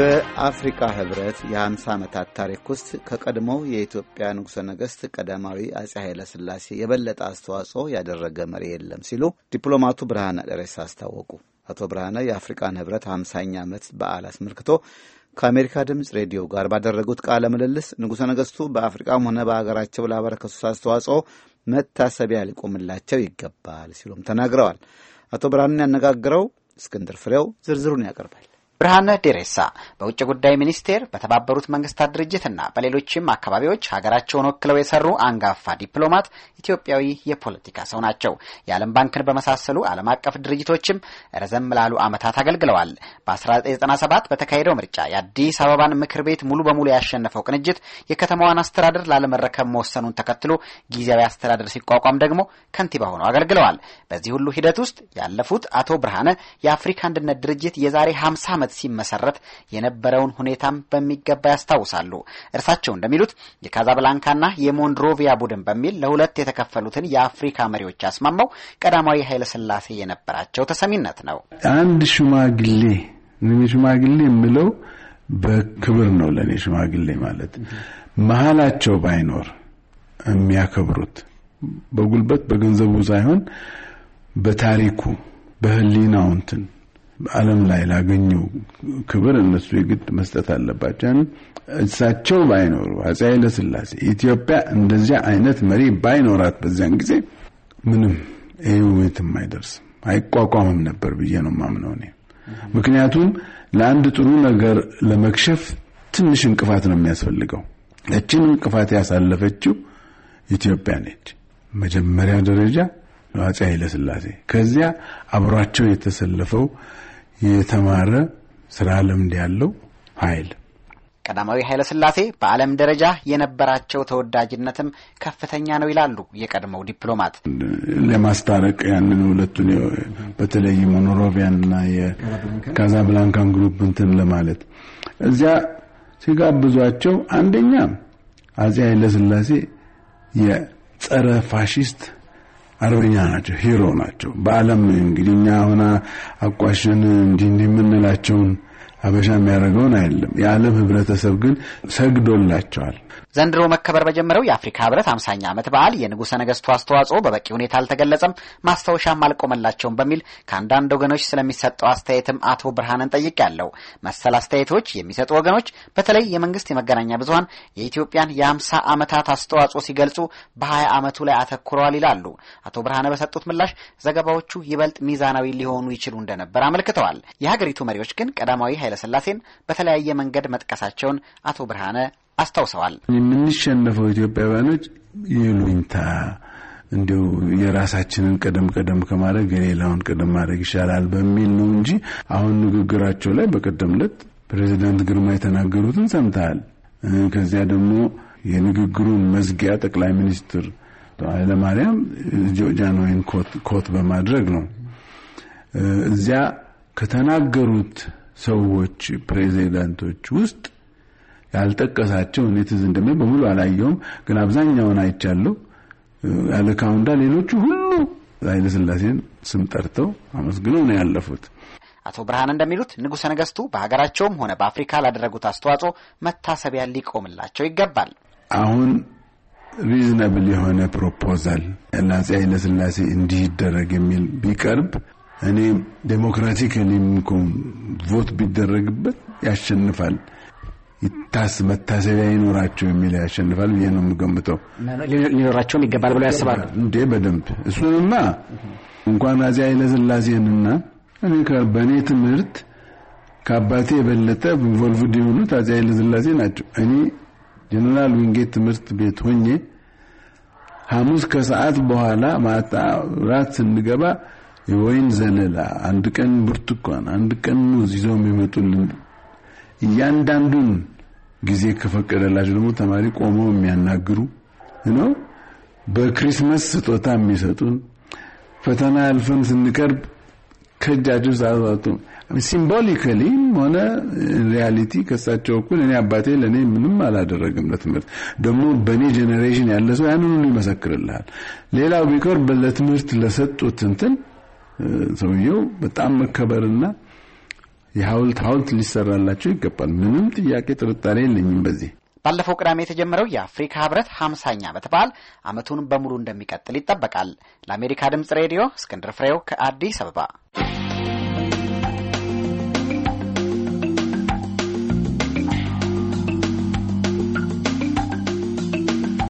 በአፍሪካ ህብረት የ50 ዓመታት ታሪክ ውስጥ ከቀድሞው የኢትዮጵያ ንጉሠ ነገሥት ቀዳማዊ አጼ ኃይለ ሥላሴ የበለጠ አስተዋጽኦ ያደረገ መሪ የለም ሲሉ ዲፕሎማቱ ብርሃነ ደሬሳ አስታወቁ። አቶ ብርሃነ የአፍሪካን ህብረት 50ኛ ዓመት በዓል አስመልክቶ ከአሜሪካ ድምፅ ሬዲዮ ጋር ባደረጉት ቃለ ምልልስ ንጉሠ ነገሥቱ በአፍሪካም ሆነ በሀገራቸው ላበረከቱት አስተዋጽኦ መታሰቢያ ሊቆምላቸው ይገባል ሲሉም ተናግረዋል። አቶ ብርሃንን ያነጋግረው እስክንድር ፍሬው ዝርዝሩን ያቀርባል። ብርሃነ ዴሬሳ በውጭ ጉዳይ ሚኒስቴር በተባበሩት መንግስታት ድርጅትና በሌሎችም አካባቢዎች ሀገራቸውን ወክለው የሰሩ አንጋፋ ዲፕሎማት ኢትዮጵያዊ የፖለቲካ ሰው ናቸው። የዓለም ባንክን በመሳሰሉ ዓለም አቀፍ ድርጅቶችም ረዘም ላሉ ዓመታት አገልግለዋል። በ1997 በተካሄደው ምርጫ የአዲስ አበባን ምክር ቤት ሙሉ በሙሉ ያሸነፈው ቅንጅት የከተማዋን አስተዳደር ላለመረከብ መወሰኑን ተከትሎ ጊዜያዊ አስተዳደር ሲቋቋም ደግሞ ከንቲባ ሆነው አገልግለዋል። በዚህ ሁሉ ሂደት ውስጥ ያለፉት አቶ ብርሃነ የአፍሪካ አንድነት ድርጅት የዛሬ 50 ዓመት ስምምነት ሲመሰረት የነበረውን ሁኔታም በሚገባ ያስታውሳሉ። እርሳቸው እንደሚሉት የካዛብላንካና የሞንድሮቪያ ቡድን በሚል ለሁለት የተከፈሉትን የአፍሪካ መሪዎች ያስማማው ቀዳማዊ ኃይለስላሴ የነበራቸው ተሰሚነት ነው። አንድ ሽማግሌ ሽማግሌ የምለው በክብር ነው። ለእኔ ሽማግሌ ማለት መሀላቸው ባይኖር የሚያከብሩት በጉልበት በገንዘቡ ሳይሆን በታሪኩ በህሊናው እንትን በዓለም ላይ ላገኘው ክብር እነሱ የግድ መስጠት አለባቸው። እሳቸው ባይኖሩ አፄ ኃይለ ስላሴ ኢትዮጵያ እንደዚያ አይነት መሪ ባይኖራት በዚያን ጊዜ ምንም ይህ አይደርስም አይቋቋምም ነበር ብዬ ነው ማምነው እኔ። ምክንያቱም ለአንድ ጥሩ ነገር ለመክሸፍ ትንሽ እንቅፋት ነው የሚያስፈልገው። ያችን እንቅፋት ያሳለፈችው ኢትዮጵያ ነች። መጀመሪያ ደረጃ አፄ ኃይለ ስላሴ ከዚያ አብሯቸው የተሰለፈው የተማረ ስራ ልምድ ያለው ኃይል ቀዳማዊ ኃይለ ስላሴ በዓለም ደረጃ የነበራቸው ተወዳጅነትም ከፍተኛ ነው ይላሉ የቀድሞው ዲፕሎማት። ለማስታረቅ ያንን ሁለቱን በተለይ ሞኖሮቪያንና የካዛብላንካን ግሩፕ እንትን ለማለት እዚያ ሲጋብዟቸው አንደኛ አጼ ኃይለ ስላሴ የጸረ ፋሽስት አርበኛ ናቸው፣ ሂሮ ናቸው። በዓለም እንግዲህ እኛ ሆና አቋሽን እንዲህ እንዲህ የምንላቸውን አበሻ የሚያደርገውን አይደለም። የዓለም ህብረተሰብ ግን ሰግዶላቸዋል። ዘንድሮ መከበር በጀመረው የአፍሪካ ህብረት አምሳኛ ዓመት በዓል የንጉሠ ነገሥቱ አስተዋጽኦ በበቂ ሁኔታ አልተገለጸም፣ ማስታወሻም አልቆመላቸውም በሚል ከአንዳንድ ወገኖች ስለሚሰጠው አስተያየትም አቶ ብርሃንን ያለው። መሰል አስተያየቶች የሚሰጡ ወገኖች በተለይ የመንግስት የመገናኛ ብዙሀን የኢትዮጵያን የአምሳ ዓመታት አስተዋጽኦ ሲገልጹ በሀያ ዓመቱ ላይ አተኩረዋል ይላሉ። አቶ ብርሃነ በሰጡት ምላሽ ዘገባዎቹ ይበልጥ ሚዛናዊ ሊሆኑ ይችሉ እንደነበር አመልክተዋል። የሀገሪቱ መሪዎች ግን ቀዳማዊ ኃይለስላሴን በተለያየ መንገድ መጥቀሳቸውን አቶ ብርሃነ አስታውሰዋል። የምንሸነፈው ኢትዮጵያውያኖች የሉኝታ እንዲሁ የራሳችንን ቀደም ቀደም ከማድረግ የሌላውን ቀደም ማድረግ ይሻላል በሚል ነው እንጂ አሁን ንግግራቸው ላይ በቀደም ዕለት ፕሬዚዳንት ግርማ የተናገሩትን ሰምተሃል። ከዚያ ደግሞ የንግግሩን መዝጊያ ጠቅላይ ሚኒስትር ኃይለማርያም ጃንሆይን ኮት በማድረግ ነው። እዚያ ከተናገሩት ሰዎች ፕሬዚዳንቶች ውስጥ ያልጠቀሳቸው እኔ ትዝ እንደሚል በሙሉ አላየውም፣ ግን አብዛኛውን አይቻለሁ። ያለ ካውንዳ ሌሎቹ ሁሉ ኃይለሥላሴን ስም ጠርተው አመስግነው ነው ያለፉት። አቶ ብርሃን እንደሚሉት ንጉሠ ነገሥቱ በሀገራቸውም ሆነ በአፍሪካ ላደረጉት አስተዋጽኦ መታሰቢያ ሊቆምላቸው ይገባል። አሁን ሪዝነብል የሆነ ፕሮፖዛል ለአፄ ኃይለሥላሴ እንዲህ ይደረግ የሚል ቢቀርብ እኔም ዴሞክራቲክ ሊምኮን ቮት ቢደረግበት ያሸንፋል ይታስ መታሰቢያ ይኖራቸው የሚል ያሸንፋል ብዬ ነው የምገምተው። ሊኖራቸውም ይገባል ብለው ያስባሉ እንዴ? በደንብ እሱንማ እንኳን አፄ ኃይለ ሥላሴንና በእኔ ትምህርት ከአባቴ የበለጠ ኢንቮልቭድ የሆኑት አፄ ኃይለ ሥላሴ ናቸው። እኔ ጀነራል ዊንጌት ትምህርት ቤት ሆኜ ሐሙስ ከሰዓት በኋላ ማታ ራት ስንገባ የወይን ዘለላ፣ አንድ ቀን ብርቱካን፣ አንድ ቀን ሙዝ ይዘው የሚመጡልን እያንዳንዱን ጊዜ ከፈቀደላቸው ደግሞ ተማሪ ቆመው የሚያናግሩ ነው። በክሪስመስ ስጦታ የሚሰጡን ፈተና አልፈን ስንቀርብ ከእጃቸው ሰዓቱ ሲምቦሊካሊም ሆነ ሪያሊቲ ከሳቸው እኩል እኔ አባቴ ለእኔ ምንም አላደረግም። ለትምህርት ደግሞ በእኔ ጀኔሬሽን ያለ ሰው ያንን ሁሉ ይመሰክርልሃል። ሌላው ቢቀር ለትምህርት ለሰጡት እንትን ሰውየው በጣም መከበርና የሐውልት ሐውልት ሊሰራላቸው ይገባል። ምንም ጥያቄ ጥርጣሬ የለኝም በዚህ ባለፈው ቅዳሜ የተጀመረው የአፍሪካ ህብረት ሀምሳኛ ዓመት በዓል ዓመቱን በሙሉ እንደሚቀጥል ይጠበቃል። ለአሜሪካ ድምፅ ሬዲዮ እስክንድር ፍሬው ከአዲስ አበባ